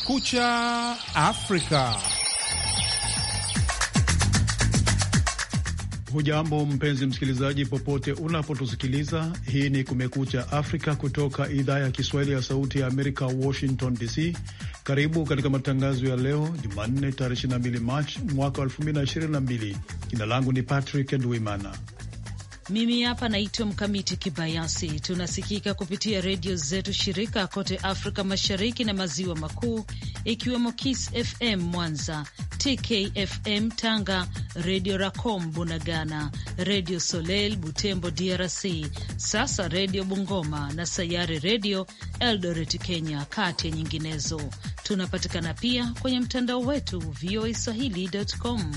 Kumekucha Afrika. Hujambo mpenzi msikilizaji, popote unapotusikiliza. Hii ni Kumekucha Afrika kutoka idhaa ya Kiswahili ya Sauti ya Amerika, Washington DC. Karibu katika matangazo ya leo Jumanne, tarehe 22 Machi mwaka 2022. Jina langu ni Patrick Ndwimana mimi hapa naitwa Mkamiti Kibayasi. Tunasikika kupitia redio zetu shirika kote Afrika Mashariki na Maziwa Makuu, ikiwemo Kiss FM Mwanza, TKFM Tanga, Redio Racom Bunagana, Redio Soleil Butembo DRC, sasa Redio Bungoma na Sayari Redio Eldoret Kenya, kati ya nyinginezo. Tunapatikana pia kwenye mtandao wetu voa swahili.com.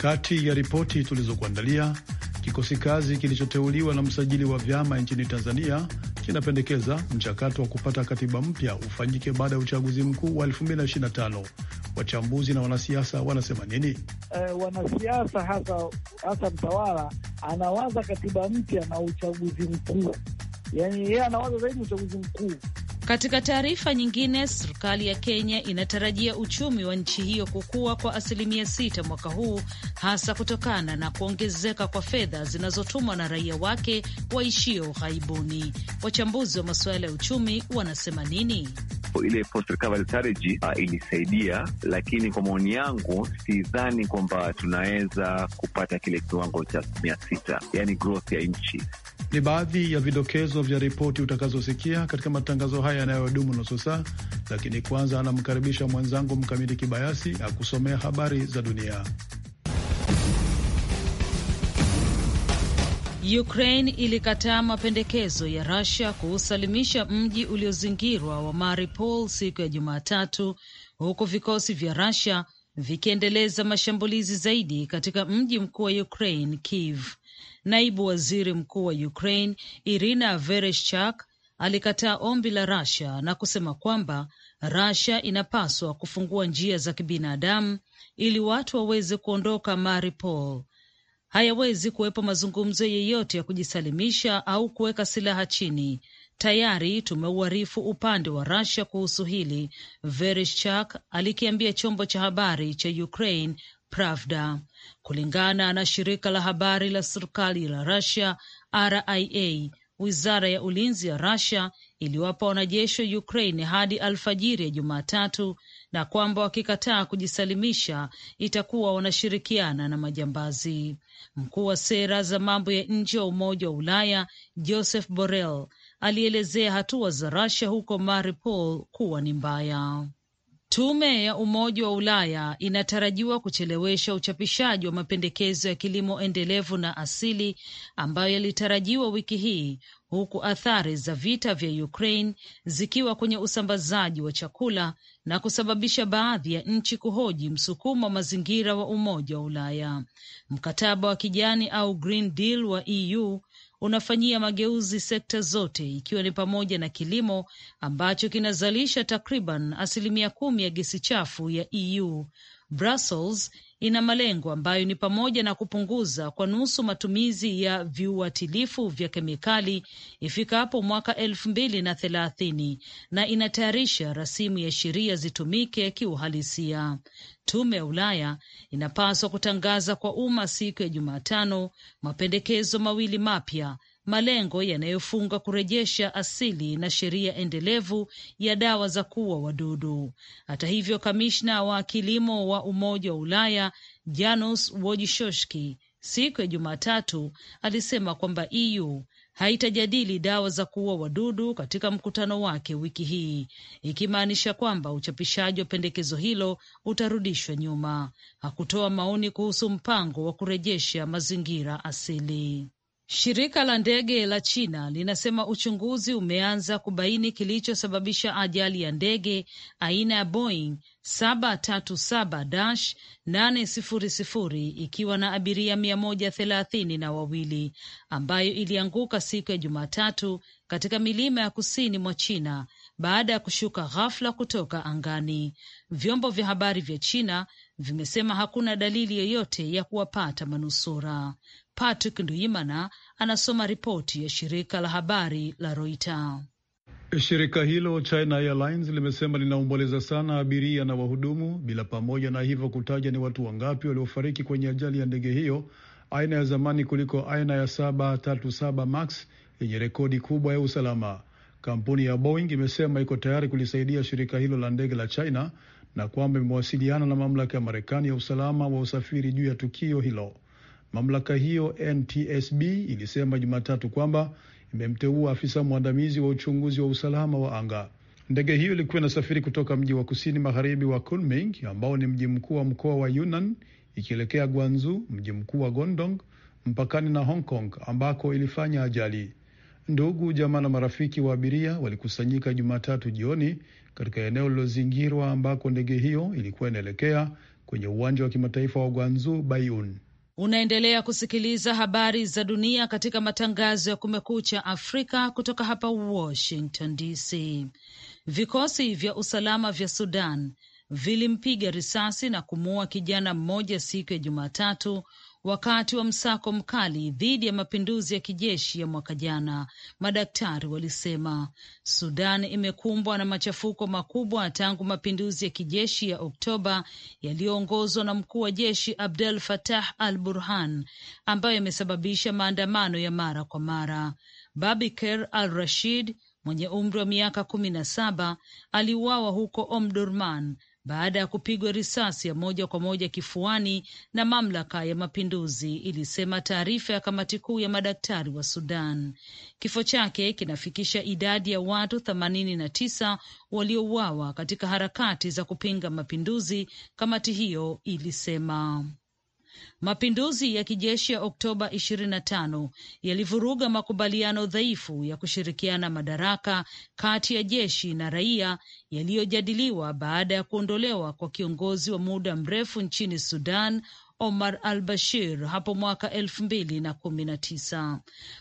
Kati ya ripoti tulizokuandalia, kikosi kazi kilichoteuliwa na msajili wa vyama nchini Tanzania kinapendekeza mchakato wa kupata katiba mpya ufanyike baada ya uchaguzi mkuu wa 2025. Wachambuzi na wanasiasa wanasema nini? Uh, wanasiasa hasa hasa mtawala anawaza katiba mpya na uchaguzi mkuu, yani yeye anawaza zaidi uchaguzi mkuu katika taarifa nyingine, serikali ya Kenya inatarajia uchumi wa nchi hiyo kukua kwa asilimia sita mwaka huu, hasa kutokana na kuongezeka kwa fedha zinazotumwa na raia wake waishio ughaibuni. Wachambuzi wa masuala ya uchumi wanasema nini? Ile post recovery strategy uh, ilisaidia, lakini kwa maoni yangu sidhani kwamba tunaweza kupata kile kiwango cha asilimia sita, yani growth ya nchi. Ni baadhi ya vidokezo vya ripoti utakazosikia katika matangazo haya yanayodumu nusu saa, lakini kwanza anamkaribisha mwenzangu Mkamiti Kibayasi akusomea habari za dunia. Ukraine ilikataa mapendekezo ya Russia kuusalimisha mji uliozingirwa wa Mariupol siku ya Jumatatu, huku vikosi vya Russia vikiendeleza mashambulizi zaidi katika mji mkuu wa Ukraine, Kiev. Naibu waziri mkuu wa Ukraine Irina Vereshchak alikataa ombi la Russia na kusema kwamba Russia inapaswa kufungua njia za kibinadamu ili watu waweze kuondoka Mariupol. Hayawezi kuwepo mazungumzo yeyote ya kujisalimisha au kuweka silaha chini. Tayari tumeuarifu upande wa Russia kuhusu hili, Vereshchak alikiambia chombo cha habari cha Ukraine Pravda. Kulingana na shirika la habari la serikali la Russia RIA, Wizara ya ulinzi ya rasia iliwapa wanajeshi wa Ukraine hadi alfajiri ya Jumatatu na kwamba wakikataa kujisalimisha itakuwa wanashirikiana na majambazi. Mkuu wa sera za mambo ya nje wa Umoja wa Ulaya Joseph Borrell alielezea hatua za Russia huko Mariupol kuwa ni mbaya. Tume ya Umoja wa Ulaya inatarajiwa kuchelewesha uchapishaji wa mapendekezo ya kilimo endelevu na asili ambayo yalitarajiwa wiki hii huku athari za vita vya Ukraine zikiwa kwenye usambazaji wa chakula na kusababisha baadhi ya nchi kuhoji msukumo wa mazingira wa Umoja wa Ulaya. Mkataba wa kijani au Green Deal wa EU unafanyia mageuzi sekta zote ikiwa ni pamoja na kilimo ambacho kinazalisha takriban asilimia kumi ya gesi chafu ya EU. Brussels ina malengo ambayo ni pamoja na kupunguza kwa nusu matumizi ya viuatilifu vya kemikali ifikapo mwaka elfu mbili na thelathini na inatayarisha rasimu ya sheria zitumike kiuhalisia. Tume ya Ulaya inapaswa kutangaza kwa umma siku ya Jumatano mapendekezo mawili mapya malengo yanayofunga kurejesha asili na sheria endelevu ya dawa za kuua wadudu. Hata hivyo, kamishna wa kilimo wa Umoja wa Ulaya janus wojishoshki siku ya Jumatatu alisema kwamba EU haitajadili dawa za kuua wadudu katika mkutano wake wiki hii, ikimaanisha kwamba uchapishaji wa pendekezo hilo utarudishwa nyuma. Hakutoa maoni kuhusu mpango wa kurejesha mazingira asili. Shirika la ndege la China linasema uchunguzi umeanza kubaini kilichosababisha ajali ya ndege aina ya Boeing 737-800 ikiwa na abiria mia moja thelathini na wawili ambayo ilianguka siku ya Jumatatu katika milima ya kusini mwa China baada ya kushuka ghafla kutoka angani. Vyombo vya habari vya China vimesema hakuna dalili yoyote ya kuwapata manusura. Patrick Nduimana anasoma ripoti ya shirika la habari la Reuters. Shirika hilo China Airlines limesema linaomboleza sana abiria na wahudumu, bila pamoja na hivyo kutaja ni watu wangapi waliofariki kwenye ajali ya ndege hiyo aina ya zamani kuliko aina ya 737 max yenye rekodi kubwa ya usalama. Kampuni ya Boeing imesema iko tayari kulisaidia shirika hilo la ndege la China na kwamba imewasiliana na mamlaka ya Marekani ya usalama wa usafiri juu ya tukio hilo. Mamlaka hiyo NTSB ilisema Jumatatu kwamba imemteua afisa mwandamizi wa uchunguzi wa usalama wa anga. Ndege hiyo ilikuwa inasafiri kutoka mji wa kusini magharibi wa Kunming ambao ni mji mkuu wa mkoa wa Yunnan ikielekea Guangzhou, mji mkuu wa Guangdong, mpakani na Hong Kong ambako ilifanya ajali. Ndugu, jamaa na marafiki wa abiria walikusanyika Jumatatu jioni katika eneo lililozingirwa ambako ndege hiyo ilikuwa inaelekea kwenye uwanja wa kimataifa wa Guangzhou Baiyun. Unaendelea kusikiliza habari za dunia katika matangazo ya Kumekucha Afrika kutoka hapa Washington DC. Vikosi vya usalama vya Sudan vilimpiga risasi na kumuua kijana mmoja siku ya Jumatatu wakati wa msako mkali dhidi ya mapinduzi ya kijeshi ya mwaka jana. Madaktari walisema Sudan imekumbwa na machafuko makubwa tangu mapinduzi ya kijeshi ya Oktoba yaliyoongozwa na mkuu wa jeshi Abdel Fattah al-Burhan, ambayo yamesababisha maandamano ya mara kwa mara. Babiker al-Rashid mwenye umri wa miaka kumi na saba aliuawa huko Omdurman baada ya kupigwa risasi ya moja kwa moja kifuani na mamlaka ya mapinduzi, ilisema taarifa ya kamati kuu ya madaktari wa Sudan. Kifo chake kinafikisha idadi ya watu themanini na tisa waliouawa katika harakati za kupinga mapinduzi, kamati hiyo ilisema. Mapinduzi ya kijeshi ya Oktoba 25 yalivuruga makubaliano dhaifu ya kushirikiana madaraka kati ya jeshi na raia yaliyojadiliwa baada ya kuondolewa kwa kiongozi wa muda mrefu nchini Sudan Omar al Bashir hapo mwaka elfu mbili na kumi na tisa.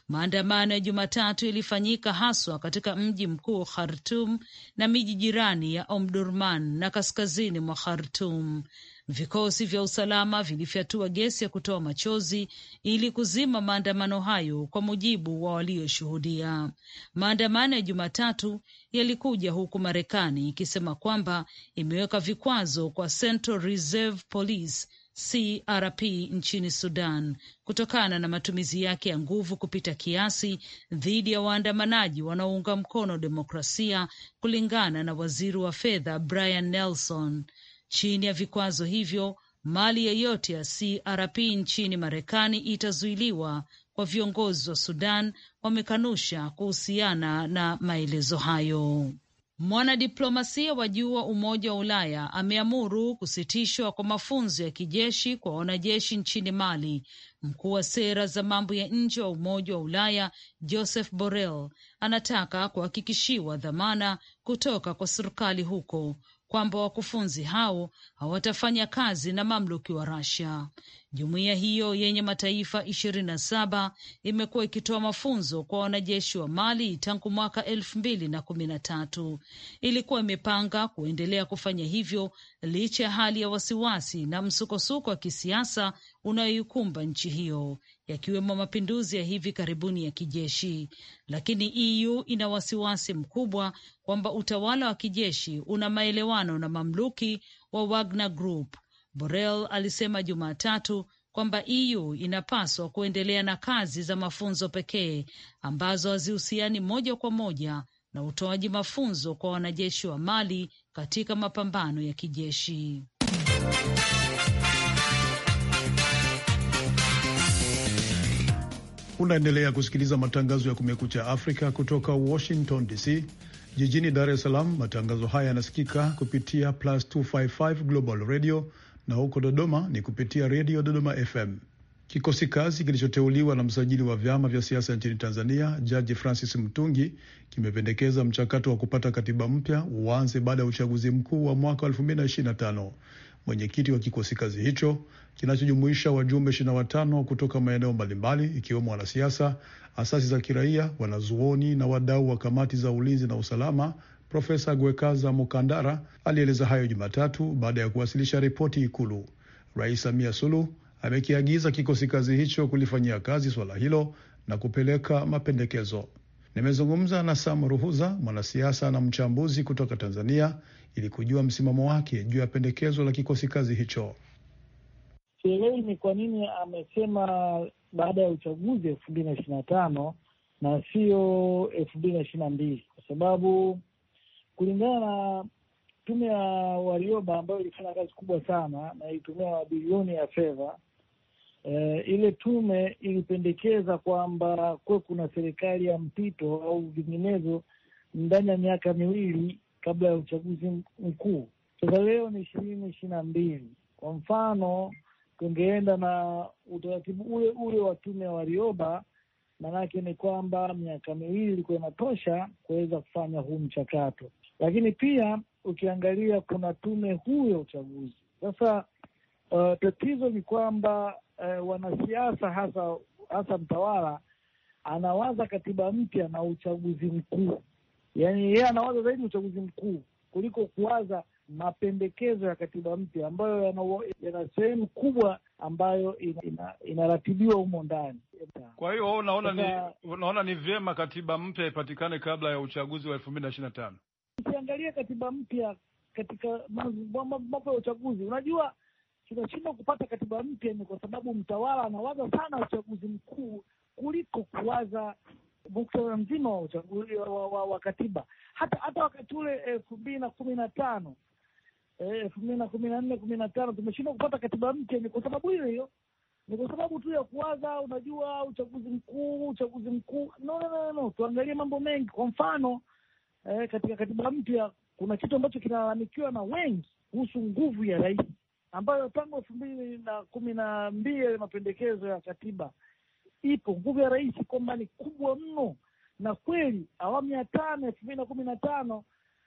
Maandamano ya Jumatatu yalifanyika haswa katika mji mkuu Khartum na miji jirani ya Omdurman na kaskazini mwa Khartum. Vikosi vya usalama vilifyatua gesi ya kutoa machozi ili kuzima maandamano hayo, kwa mujibu wa walioshuhudia. Maandamano ya Jumatatu yalikuja huku Marekani ikisema kwamba imeweka vikwazo kwa Central Reserve Police CRP nchini Sudan kutokana na matumizi yake ya nguvu kupita kiasi dhidi ya waandamanaji wanaounga mkono demokrasia, kulingana na waziri wa fedha Brian Nelson. Chini ya vikwazo hivyo, mali yeyote ya CRP nchini Marekani itazuiliwa kwa viongozi wa Sudan wamekanusha kuhusiana na maelezo hayo. Mwanadiplomasia wa juu wa Umoja wa Ulaya ameamuru kusitishwa kwa mafunzo ya kijeshi kwa wanajeshi nchini Mali Mkuu wa sera za mambo ya nje wa Umoja wa Ulaya Joseph Borrell anataka kuhakikishiwa dhamana kutoka kwa serikali huko kwamba wakufunzi hao hawatafanya kazi na mamluki wa Russia. Jumuiya hiyo yenye mataifa ishirini na saba imekuwa ikitoa mafunzo kwa wanajeshi wa Mali tangu mwaka elfu mbili na kumi na tatu. Ilikuwa imepanga kuendelea kufanya hivyo licha ya hali ya wasiwasi na msukosuko wa kisiasa unayoikumba nchi hiyo yakiwemo mapinduzi ya hivi karibuni ya kijeshi, lakini EU ina wasiwasi mkubwa kwamba utawala wa kijeshi una maelewano na mamluki wa Wagner Group. Borrell alisema Jumatatu kwamba EU inapaswa kuendelea na kazi za mafunzo pekee ambazo hazihusiani moja kwa moja na utoaji mafunzo kwa wanajeshi wa Mali katika mapambano ya kijeshi. Unaendelea kusikiliza matangazo ya Kumekucha Afrika kutoka Washington DC. Jijini Dar es Salaam matangazo haya yanasikika kupitia plus 255 Global Radio na huko Dodoma ni kupitia redio Dodoma FM. Kikosi kazi kilichoteuliwa na msajili wa vyama vya siasa nchini Tanzania, Jaji Francis Mtungi, kimependekeza mchakato wa kupata katiba mpya uanze baada ya uchaguzi mkuu wa mwaka mwenyekiti wa kikosi kazi hicho kinachojumuisha wajumbe 25 kutoka maeneo mbalimbali ikiwemo wanasiasa, asasi za kiraia, wanazuoni na wadau wa kamati za ulinzi na usalama. Profesa Gwekaza Mukandara alieleza hayo Jumatatu baada ya kuwasilisha ripoti Ikulu. Rais Samia sulu amekiagiza kikosi kazi hicho kulifanyia kazi swala hilo na kupeleka mapendekezo. Nimezungumza na Sam Ruhuza, mwanasiasa na mchambuzi kutoka Tanzania, ili kujua msimamo wake juu ya pendekezo la kikosi kazi hicho. Sielewi ni kwa nini amesema baada ya uchaguzi elfu mbili na ishirini na tano na sio elfu mbili na ishirini na mbili kwa sababu kulingana na tume ya Warioba ambayo ilifanya kazi kubwa sana na ilitumia mabilioni ya fedha e, ile tume ilipendekeza kwamba kuwe kuna serikali ya mpito au vinginevyo ndani ya miaka miwili kabla ya uchaguzi mkuu. Sasa leo ni ishirini ishirini na mbili, kwa mfano tungeenda na utaratibu ule ule wa tume ya Warioba, maanake ni kwamba miaka miwili ilikuwa inatosha kuweza kufanya huu mchakato. Lakini pia ukiangalia kuna tume huu ya uchaguzi sasa. Uh, tatizo ni kwamba uh, wanasiasa hasa hasa mtawala anawaza katiba mpya na uchaguzi mkuu yani yeye ya anawaza zaidi uchaguzi mkuu kuliko kuwaza mapendekezo ya katiba mpya ambayo yana, yana sehemu kubwa ambayo inaratibiwa ina, ina humo ndani. Kwa hiyo unaona ni unaona ni vyema katiba mpya ipatikane kabla ya uchaguzi wa elfu mbili na ishirini na tano. Ukiangalia katiba mpya katika mambo ya uchaguzi, unajua tunashindwa kupata katiba mpya ni kwa sababu mtawala anawaza sana uchaguzi mkuu kuliko kuwaza muktadha mzima wa uchaguzi wa katiba. Hata hata wakati ule elfu mbili na kumi na tano elfu mbili na kumi na nne kumi na tano tumeshindwa kupata katiba mpya, ni kwa sababu hiyo hiyo, ni kwa sababu tu ya kuwaza, unajua uchaguzi mkuu, uchaguzi mkuu. No, no, no, no, tuangalie mambo mengi. Kwa mfano eh, katika katiba mpya kuna kitu ambacho kinalalamikiwa na wengi kuhusu nguvu ya rais ambayo tangu elfu mbili na kumi na mbili mapendekezo ya katiba ipo nguvu ya rais kwamba ni kubwa mno, na kweli awamu ya tano elfu mbili na kumi na tano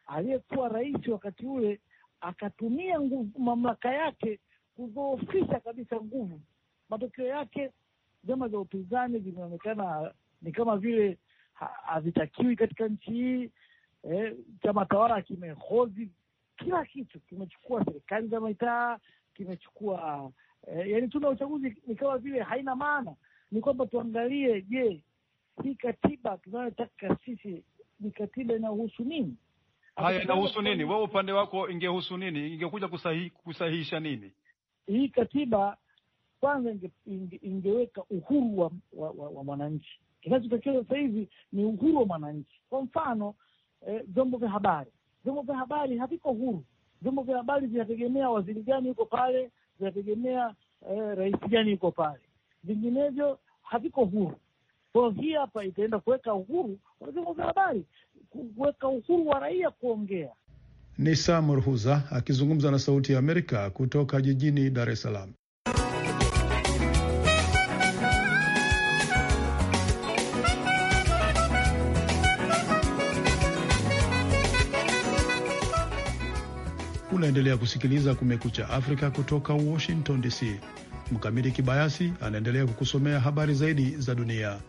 aliyekuwa rais wakati ule akatumia nguvu mamlaka yake kudhoofisha kabisa nguvu. Matokeo yake vyama vya upinzani vimeonekana ni kama vile havitakiwi katika nchi hii. Eh, chama tawala kimehozi kila kitu, kimechukua serikali za mitaa, kimechukua eh, yani tume ya uchaguzi ni kama vile haina maana ni kwamba tuangalie, je, hii katiba tunayotaka sisi ni katiba inayohusu nini? Haya, inahusu nini? Wewe upande wako ingehusu nini? Ingekuja kusahi, kusahihisha nini hii katiba? Kwanza inge, inge, ingeweka uhuru wa, wa, wa, wa mwananchi. Kinachotakiwa sasa hivi ni uhuru wa mwananchi. Kwa mfano eh, vyombo eh, vya habari, vyombo vya habari haviko huru. Vyombo vya habari vinategemea waziri gani yuko pale, vinategemea eh, rais gani yuko pale vinginevyo haviko huru. Kwa hii hapa itaenda kuweka uhuru wa vyombo vya habari, kuweka uhuru wa raia kuongea. Ni Samur Huza akizungumza na Sauti ya Amerika kutoka jijini Dar es Salaam. Unaendelea kusikiliza Kumekucha Afrika kutoka Washington DC. Mkamili Kibayasi anaendelea kukusomea habari zaidi za dunia.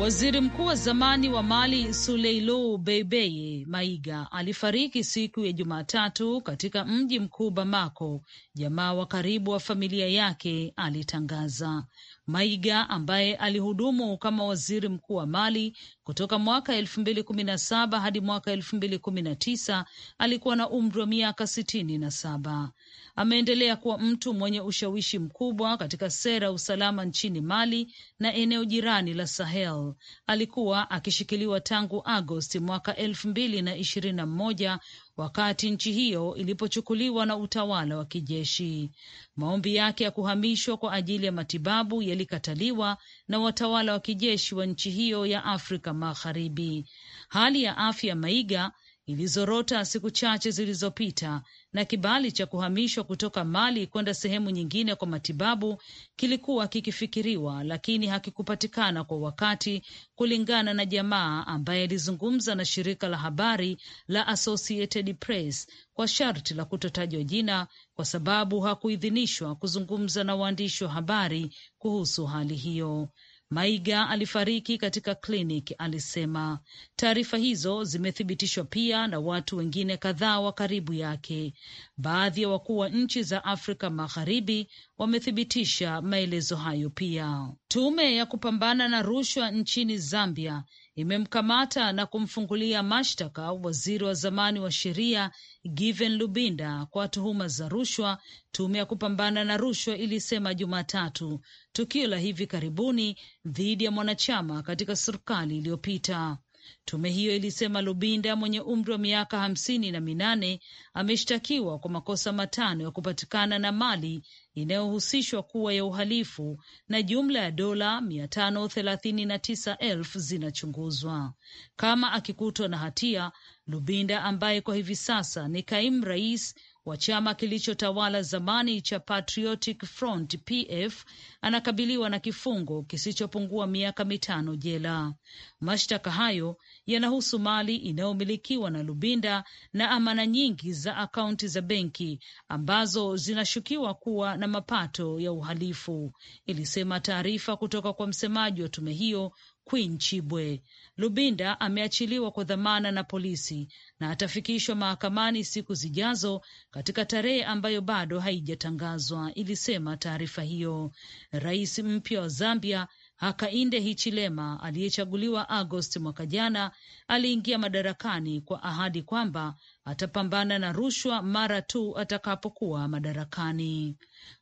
Waziri mkuu wa zamani wa Mali suleilou Beibeye Maiga alifariki siku ya Jumatatu katika mji mkuu Bamako, jamaa wa karibu wa familia yake alitangaza. Maiga ambaye alihudumu kama waziri mkuu wa Mali kutoka mwaka elfu mbili kumi na saba hadi mwaka elfu mbili kumi na tisa alikuwa na umri wa miaka sitini na saba. Ameendelea kuwa mtu mwenye ushawishi mkubwa katika sera ya usalama nchini Mali na eneo jirani la Sahel. Alikuwa akishikiliwa tangu Agosti mwaka elfu mbili na ishirini na moja wakati nchi hiyo ilipochukuliwa na utawala wa kijeshi. Maombi yake ya kuhamishwa kwa ajili ya matibabu yalikataliwa na watawala wa kijeshi wa nchi hiyo ya Afrika Magharibi. Hali ya afya Maiga ilizorota siku chache zilizopita na kibali cha kuhamishwa kutoka Mali kwenda sehemu nyingine kwa matibabu kilikuwa kikifikiriwa, lakini hakikupatikana kwa wakati, kulingana na jamaa ambaye alizungumza na shirika la habari la Associated Press kwa sharti la kutotajwa jina, kwa sababu hakuidhinishwa kuzungumza na waandishi wa habari kuhusu hali hiyo. Maiga alifariki katika kliniki, alisema. Taarifa hizo zimethibitishwa pia na watu wengine kadhaa wa karibu yake. Baadhi ya wakuu wa nchi za Afrika Magharibi wamethibitisha maelezo hayo pia. Tume ya kupambana na rushwa nchini Zambia imemkamata na kumfungulia mashtaka waziri wa zamani wa sheria Given Lubinda kwa tuhuma za rushwa. Tume ya kupambana na rushwa ilisema Jumatatu tukio la hivi karibuni dhidi ya mwanachama katika serikali iliyopita. Tume hiyo ilisema Lubinda mwenye umri wa miaka hamsini na minane ameshtakiwa kwa makosa matano ya kupatikana na mali inayohusishwa kuwa ya uhalifu na jumla ya dola mia tano thelathini na tisa elfu zinachunguzwa. Kama akikutwa na hatia, Lubinda ambaye kwa hivi sasa ni kaimu rais wa chama kilichotawala zamani cha Patriotic Front PF anakabiliwa na kifungo kisichopungua miaka mitano jela. Mashtaka hayo yanahusu mali inayomilikiwa na Lubinda na amana nyingi za akaunti za benki ambazo zinashukiwa kuwa na mapato ya uhalifu, ilisema taarifa kutoka kwa msemaji wa tume hiyo Queen Chibwe. Lubinda ameachiliwa kwa dhamana na polisi na atafikishwa mahakamani siku zijazo katika tarehe ambayo bado haijatangazwa, ilisema taarifa hiyo. Rais mpya wa Zambia Hakainde Hichilema aliyechaguliwa Agosti mwaka jana aliingia madarakani kwa ahadi kwamba atapambana na rushwa mara tu atakapokuwa madarakani.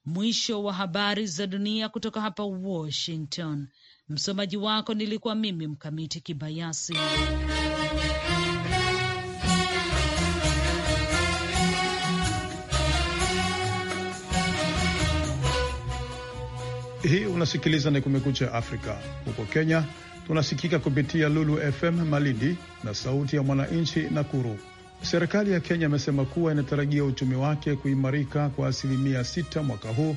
Mwisho wa habari za dunia kutoka hapa Washington. Msomaji wako nilikuwa mimi Mkamiti Kibayasi. Hii unasikiliza ni Kumekucha Afrika. Huko Kenya tunasikika kupitia Lulu FM Malindi na Sauti ya Mwananchi Nakuru. Serikali ya Kenya imesema kuwa inatarajia uchumi wake kuimarika kwa asilimia 6 mwaka huu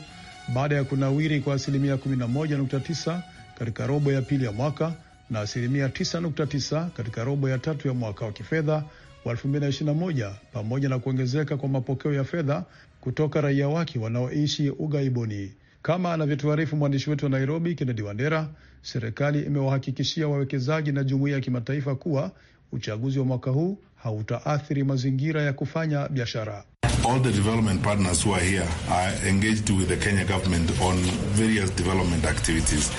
baada ya kunawiri kwa asilimia 11.9 katika robo ya pili ya mwaka na asilimia 9.9 katika robo ya tatu ya mwaka wa kifedha wa 2021 pamoja na kuongezeka kwa mapokeo ya fedha kutoka raia wake wanaoishi ughaibuni. Kama anavyotuarifu mwandishi wetu wa Nairobi, Kennedy Wandera, serikali imewahakikishia wawekezaji na jumuiya ya kimataifa kuwa uchaguzi wa mwaka huu hautaathiri mazingira ya kufanya biashara all the development partners who are here are engaged with the Kenya government on various development activities.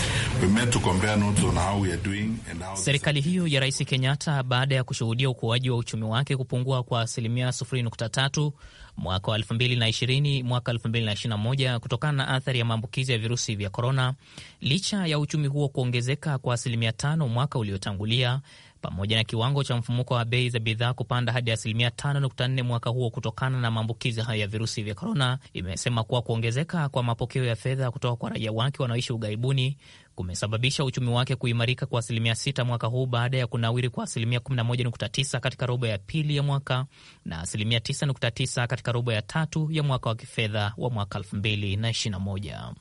We met to compare notes on how we are doing and how... Serikali hiyo ya Rais Kenyatta baada ya kushuhudia ukuaji wa uchumi wake kupungua kwa asilimia 0.3 mwaka wa 2020 mwaka 2021 kutokana na athari ya maambukizi ya virusi vya korona, licha ya uchumi huo kuongezeka kwa asilimia 5 mwaka uliotangulia pamoja na kiwango cha mfumuko wa bei za bidhaa kupanda hadi asilimia 5.4 mwaka huo kutokana na maambukizi hayo ya virusi vya korona, imesema kuwa kuongezeka kwa mapokeo ya fedha kutoka kwa raia wake wanaoishi ughaibuni kumesababisha uchumi wake kuimarika kwa asilimia 6 mwaka huu baada ya kunawiri kwa asilimia 11.9 katika robo ya pili ya mwaka na asilimia 9.9 katika robo ya tatu ya mwaka wa kifedha wa mwaka 2021.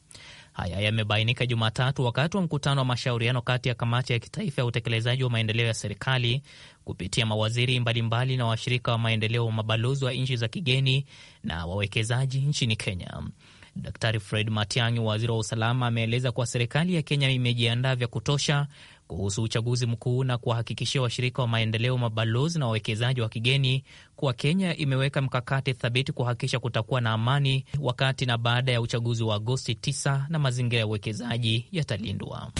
Haya yamebainika Jumatatu wakati wa mkutano wa mashauriano kati ya kamati ya kitaifa ya utekelezaji wa maendeleo ya serikali kupitia mawaziri mbalimbali na washirika wa maendeleo wa mabalozi wa nchi za kigeni na wawekezaji nchini Kenya. Daktari Fred Matiang'i, waziri wa usalama, ameeleza kuwa serikali ya Kenya imejiandaa vya kutosha kuhusu uchaguzi mkuu na kuwahakikishia washirika wa maendeleo, mabalozi na wawekezaji wa kigeni kuwa Kenya imeweka mkakati thabiti kuhakikisha kutakuwa na amani wakati na baada ya uchaguzi wa Agosti 9 na mazingira ya uwekezaji yatalindwa.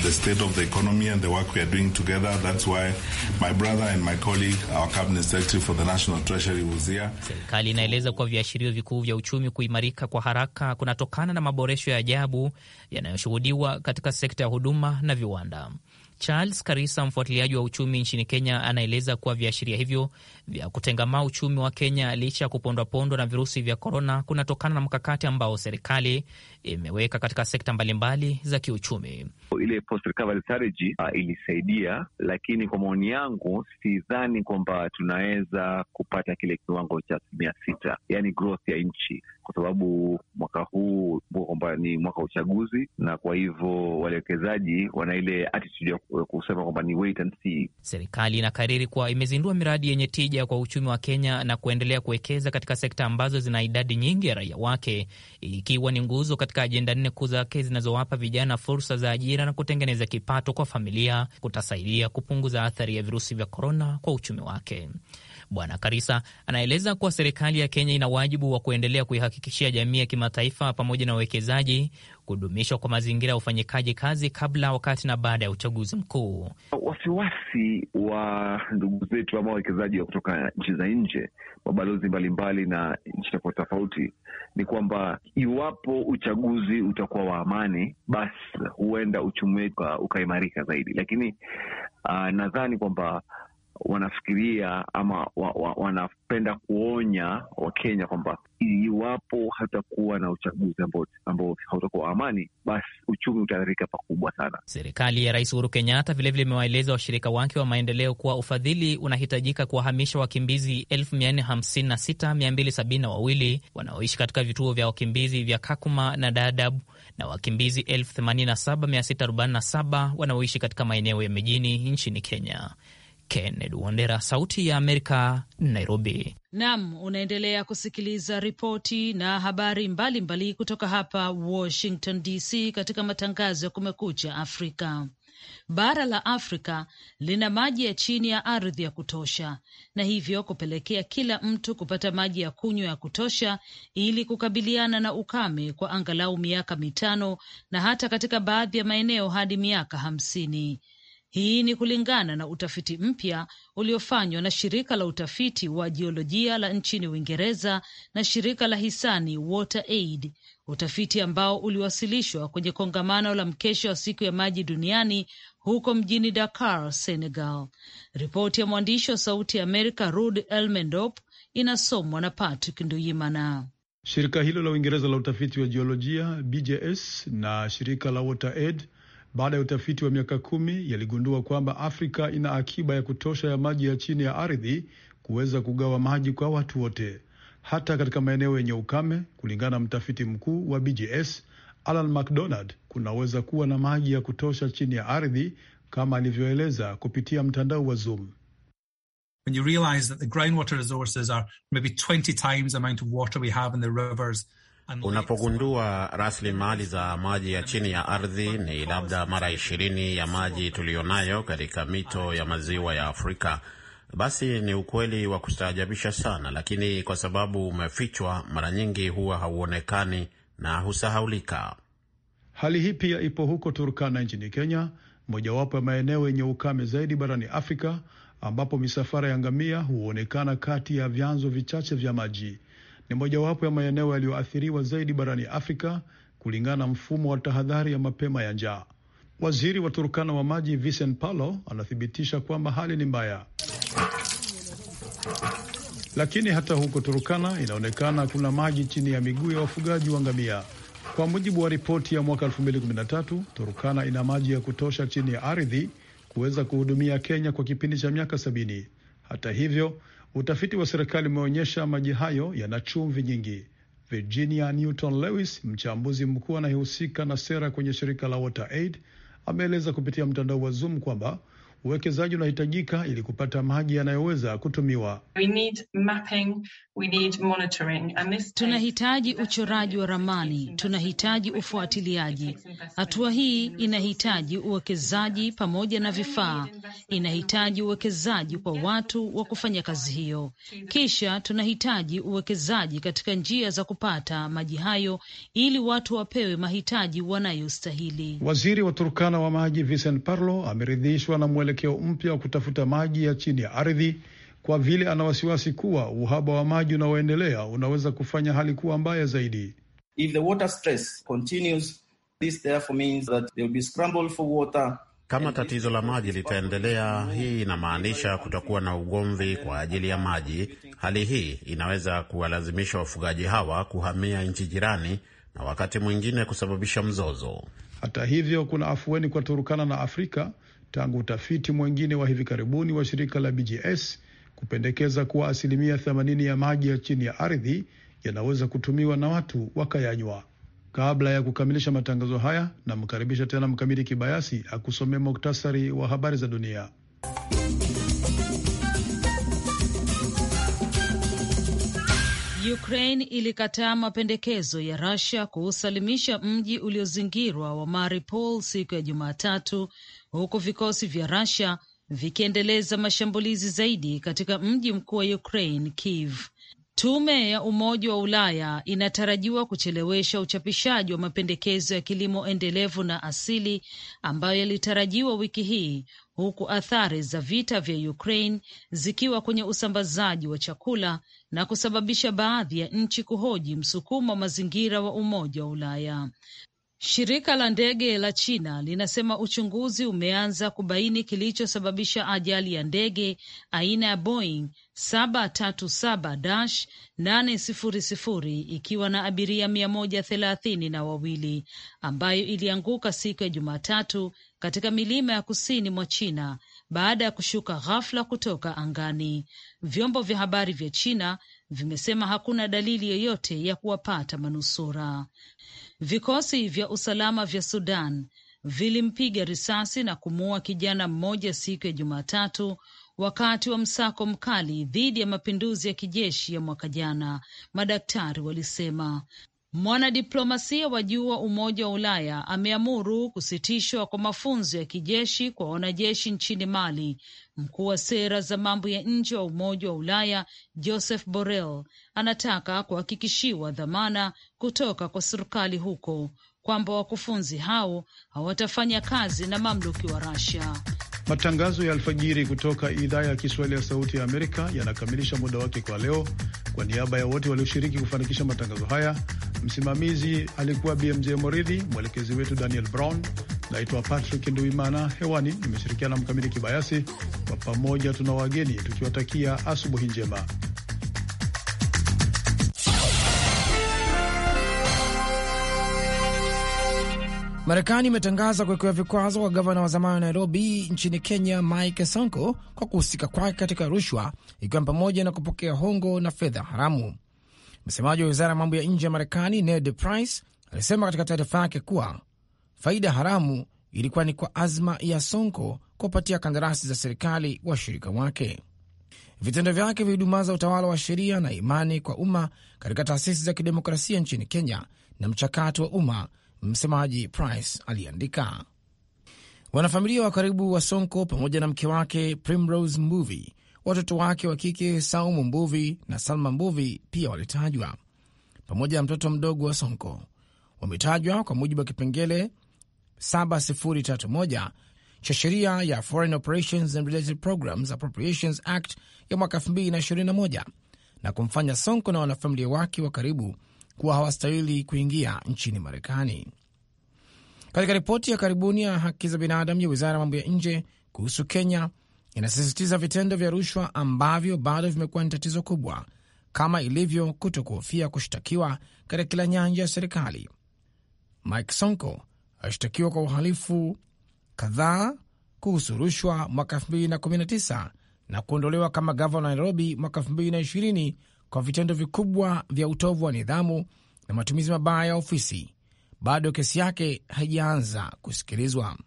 Serikali inaeleza kuwa viashirio vikuu vya uchumi kuimarika kwa haraka kunatokana na maboresho ya ajabu yanayoshuhudiwa katika sekta ya huduma na viwanda. Charles Karisa, mfuatiliaji wa uchumi nchini Kenya, anaeleza kuwa viashiria hivyo vya kutengamaa uchumi wa Kenya licha ya kupondwapondwa na virusi vya korona kunatokana na mkakati ambao serikali imeweka katika sekta mbalimbali za kiuchumi. Ile post recovery strategy uh, ilisaidia, lakini kwa maoni yangu sidhani kwamba tunaweza kupata kile kiwango cha asilimia sita, yani growth ya nchi, kwa sababu mwaka huu kwamba ni mwaka wa uchaguzi, na kwa hivyo wawekezaji wana ile attitude ya kusema kwamba ni wait and see. Serikali inakariri kuwa imezindua miradi yenye tija kurejea kwa uchumi wa Kenya na kuendelea kuwekeza katika sekta ambazo zina idadi nyingi ya raia wake, ikiwa ni nguzo katika ajenda nne kuu zake zinazowapa vijana fursa za ajira na kutengeneza kipato kwa familia, kutasaidia kupunguza athari ya virusi vya korona kwa uchumi wake. Bwana Karisa anaeleza kuwa serikali ya Kenya ina wajibu wa kuendelea kuihakikishia jamii ya kimataifa pamoja na wawekezaji kudumishwa kwa mazingira ya ufanyikaji kazi kabla, wakati na baada ya uchaguzi mkuu. Wasiwasi wa ndugu zetu ama wawekezaji wa kutoka nchi za nje, mabalozi mbalimbali na nchi tofauti tofauti, ni kwamba iwapo uchaguzi utakuwa wa amani, basi huenda uchumi wetu ukaimarika zaidi, lakini uh, nadhani kwamba wanafikiria ama wa, wa, wanapenda kuonya Wakenya kwamba iwapo hatakuwa na uchaguzi ambao hautakuwa amani, basi uchumi utaathirika pakubwa sana. Serikali ya Rais Uhuru Kenyatta vilevile imewaeleza washirika wake wa maendeleo kuwa ufadhili unahitajika kuwahamisha wakimbizi elfu mia nne hamsini na sita mia mbili sabini na wawili wanaoishi katika vituo vya wakimbizi vya Kakuma na Dadaab na wakimbizi elfu themanini na saba mia sita arobaini na saba wanaoishi katika maeneo ya mijini nchini Kenya. Kennedy Wandera, Sauti ya Amerika, Nairobi. Nam, unaendelea kusikiliza ripoti na habari mbalimbali mbali kutoka hapa Washington DC katika matangazo ya Kumekucha Afrika. Bara la Afrika lina maji ya chini ya ardhi ya kutosha na hivyo kupelekea kila mtu kupata maji ya kunywa ya kutosha ili kukabiliana na ukame kwa angalau miaka mitano na hata katika baadhi ya maeneo hadi miaka hamsini. Hii ni kulingana na utafiti mpya uliofanywa na shirika la utafiti wa jiolojia la nchini Uingereza na shirika la hisani aid utafiti ambao uliwasilishwa kwenye kongamano la mkesha wa siku ya maji duniani huko mjini Dakar, Senegal. Ripoti ya mwandishi wa Sauti ya Amerika Rud Elmendop inasomwa na Patrick Nduyimana. Shirika hilo la Uingereza la utafiti wa jiolojia BJS na shirika la Aid baada ya utafiti wa miaka kumi yaligundua kwamba Afrika ina akiba ya kutosha ya maji ya chini ya ardhi kuweza kugawa maji kwa watu wote, hata katika maeneo yenye ukame. Kulingana na mtafiti mkuu wa BGS Alan McDonald, kunaweza kuwa na maji ya kutosha chini ya ardhi kama alivyoeleza kupitia mtandao wa Zoom. When you realize that the groundwater resources are maybe 20 times the amount of water we have in the rivers Unapogundua rasilimali za maji ya chini ya ardhi ni labda mara ishirini ya maji tuliyonayo katika mito ya maziwa ya Afrika, basi ni ukweli wa kustaajabisha sana, lakini kwa sababu umefichwa, mara nyingi huwa hauonekani na husahaulika. Hali hii pia ipo huko Turkana nchini Kenya, mojawapo ya maeneo yenye ukame zaidi barani Afrika, ambapo misafara ya ngamia huonekana kati ya vyanzo vichache vya maji ni mojawapo ya maeneo yaliyoathiriwa zaidi barani Afrika kulingana na mfumo wa tahadhari ya mapema ya njaa. Waziri wa Turkana wa maji Vincent Palo anathibitisha kwamba hali ni mbaya, lakini hata huko Turkana inaonekana kuna maji chini ya miguu ya wafugaji wa ngamia. Kwa mujibu wa ripoti ya mwaka 2013, Turkana ina maji ya kutosha chini ya ardhi kuweza kuhudumia Kenya kwa kipindi cha miaka sabini. Hata hivyo Utafiti wa serikali umeonyesha maji hayo yana chumvi nyingi. Virginia Newton Lewis, mchambuzi mkuu anayehusika na sera kwenye shirika la WaterAid, ameeleza kupitia mtandao wa Zoom kwamba uwekezaji unahitajika ili kupata maji yanayoweza kutumiwa. We need mapping, we need monitoring, and this... tunahitaji uchoraji wa ramani, tunahitaji ufuatiliaji. Hatua hii inahitaji uwekezaji pamoja na vifaa, inahitaji uwekezaji kwa watu wa kufanya kazi hiyo, kisha tunahitaji uwekezaji katika njia za kupata maji hayo ili watu wapewe mahitaji wanayostahili. Waziri wa Turkana wa maji Vincent Parlo ameridhishwa na mwele mwelekeo mpya wa kutafuta maji ya chini ya ardhi kwa vile ana wasiwasi kuwa uhaba wa maji unaoendelea unaweza kufanya hali kuwa mbaya zaidi. If the water stress continues, this therefore means that there will be scramble for water. Kama tatizo la maji litaendelea, hii inamaanisha kutakuwa na ugomvi kwa ajili ya maji. Hali hii inaweza kuwalazimisha wafugaji hawa kuhamia nchi jirani na wakati mwingine kusababisha mzozo. Hata hivyo, kuna afueni kwa Turukana na Afrika tangu utafiti mwingine wa hivi karibuni wa shirika la BGS kupendekeza kuwa asilimia 80 ya maji ya chini ya ardhi yanaweza kutumiwa na watu wakayanywa. Kabla ya kukamilisha matangazo haya, namkaribisha tena Mkamiti Kibayasi akusomea muktasari wa habari za dunia. Ukraine ilikataa mapendekezo ya Russia kuusalimisha mji uliozingirwa wa Mariupol siku ya Jumatatu, huku vikosi vya Russia vikiendeleza mashambulizi zaidi katika mji mkuu wa Ukraine, Kiev. Tume ya Umoja wa Ulaya inatarajiwa kuchelewesha uchapishaji wa mapendekezo ya kilimo endelevu na asili ambayo yalitarajiwa wiki hii huku athari za vita vya Ukraine zikiwa kwenye usambazaji wa chakula na kusababisha baadhi ya nchi kuhoji msukumo wa mazingira wa Umoja wa Ulaya. Shirika la ndege la China linasema uchunguzi umeanza kubaini kilichosababisha ajali ya ndege aina ya Boeing 737-800 ikiwa na abiria mia moja thelathini na wawili ambayo ilianguka siku ya Jumatatu katika milima ya kusini mwa China baada ya kushuka ghafla kutoka angani. Vyombo vya habari vya China vimesema hakuna dalili yoyote ya kuwapata manusura. Vikosi vya usalama vya Sudan vilimpiga risasi na kumuua kijana mmoja siku ya Jumatatu Wakati wa msako mkali dhidi ya mapinduzi ya kijeshi ya mwaka jana, madaktari walisema mwanadiplomasia wa juu wa Umoja wa Ulaya ameamuru kusitishwa kwa mafunzo ya kijeshi kwa wanajeshi nchini Mali. Mkuu wa sera za mambo ya nje wa Umoja wa Ulaya Joseph Borrell anataka kuhakikishiwa dhamana kutoka kwa serikali huko kwamba wakufunzi hao hawatafanya kazi na mamluki wa Russia. Matangazo ya alfajiri kutoka idhaa ya Kiswahili ya Sauti ya Amerika yanakamilisha muda wake kwa leo. Kwa niaba ya wote walioshiriki kufanikisha matangazo haya, msimamizi alikuwa BMJ Moridhi, mwelekezi wetu Daniel Brown. Naitwa Patrick Nduimana, hewani nimeshirikiana Mkamili Kibayasi. Kwa pamoja tuna wageni tukiwatakia asubuhi njema. Marekani imetangaza kuwekewa vikwazo kwa gavana wa zamani wa Nairobi nchini Kenya, Mike Sonko, kwa kuhusika kwake katika rushwa, ikiwa ni pamoja na kupokea hongo na fedha haramu. Msemaji wa wizara ya mambo ya nje ya Marekani, Ned Price, alisema katika taarifa yake kuwa faida haramu ilikuwa ni kwa azma ya Sonko kuwapatia kandarasi za serikali washirika wake. Vitendo vyake vilidumaza utawala wa sheria na imani kwa umma katika taasisi za kidemokrasia nchini Kenya na mchakato wa umma msemaji Price aliandika. Wanafamilia wa karibu wa Sonko pamoja na mke wake Primrose Mbuvi, watoto wake wa kike Saumu Mbuvi na Salma Mbuvi pia walitajwa pamoja na mtoto mdogo wa Sonko. Wametajwa kwa mujibu wa kipengele 7031 cha sheria ya Foreign Operations and Related Programs Appropriations Act ya mwaka 2021 na kumfanya Sonko na wanafamilia wake wa karibu kuwa hawastahili kuingia nchini Marekani. Katika ripoti ya karibuni ya haki za binadamu ya wizara ya mambo ya nje kuhusu Kenya, inasisitiza vitendo vya rushwa ambavyo bado vimekuwa ni tatizo kubwa, kama ilivyo kuto kuhofia kushtakiwa katika kila nyanja ya serikali. Mike Sonko alishtakiwa kwa uhalifu kadhaa kuhusu rushwa mwaka 2019 na kuondolewa kama gavana Nairobi mwaka 2020 kwa vitendo vikubwa vya utovu wa nidhamu na matumizi mabaya ya ofisi. Bado kesi yake haijaanza kusikilizwa.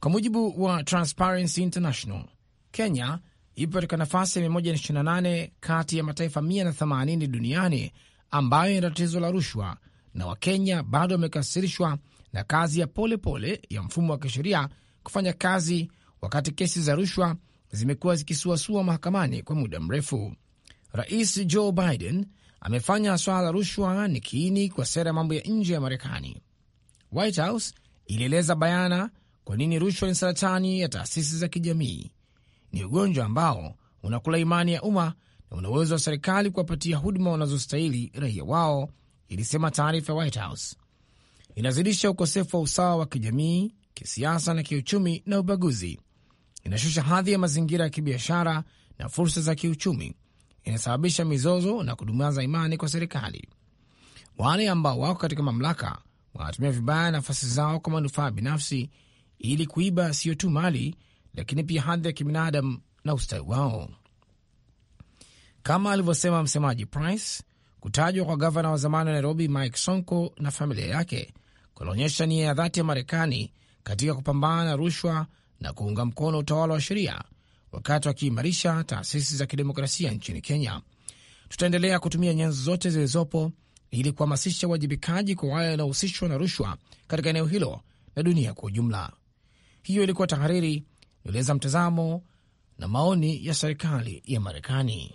Kwa mujibu wa Transparency International, Kenya ipo katika nafasi ya 128 kati ya mataifa 180 duniani ambayo ina tatizo la rushwa, na Wakenya bado wamekasirishwa na kazi ya polepole pole ya mfumo wa kisheria kufanya kazi, wakati kesi za rushwa zimekuwa zikisuasua mahakamani kwa muda mrefu. Rais Joe Biden amefanya swala la rushwa ni kiini kwa sera ya mambo ya nje ya Marekani. White House ilieleza bayana kwa nini rushwa ni saratani ya taasisi za kijamii. Ni ugonjwa ambao unakula imani ya umma na una uwezo wa serikali kuwapatia huduma wanazostahili raia wao, ilisema taarifa ya White House. Inazidisha ukosefu wa usawa wa kijamii, kisiasa na kiuchumi na ubaguzi. Inashusha hadhi ya mazingira ya kibiashara na fursa za kiuchumi inasababisha mizozo na kudumaza imani kwa serikali. Wale ambao wako katika mamlaka wanatumia vibaya nafasi zao kwa manufaa binafsi ili kuiba siyo tu mali, lakini pia hadhi ya kibinadamu na ustawi wao. Kama alivyosema msemaji Price, kutajwa kwa gavana wa zamani wa Nairobi Mike Sonko na familia yake kunaonyesha nia ya dhati ya Marekani katika kupambana na rushwa na kuunga mkono utawala wa sheria wakati wakiimarisha taasisi za kidemokrasia nchini Kenya. Tutaendelea kutumia nyenzo zote zilizopo ili kuhamasisha uwajibikaji kwa wale wanaohusishwa na rushwa katika eneo hilo na dunia kwa ujumla. Hiyo ilikuwa tahariri ilieleza mtazamo na maoni ya serikali ya Marekani.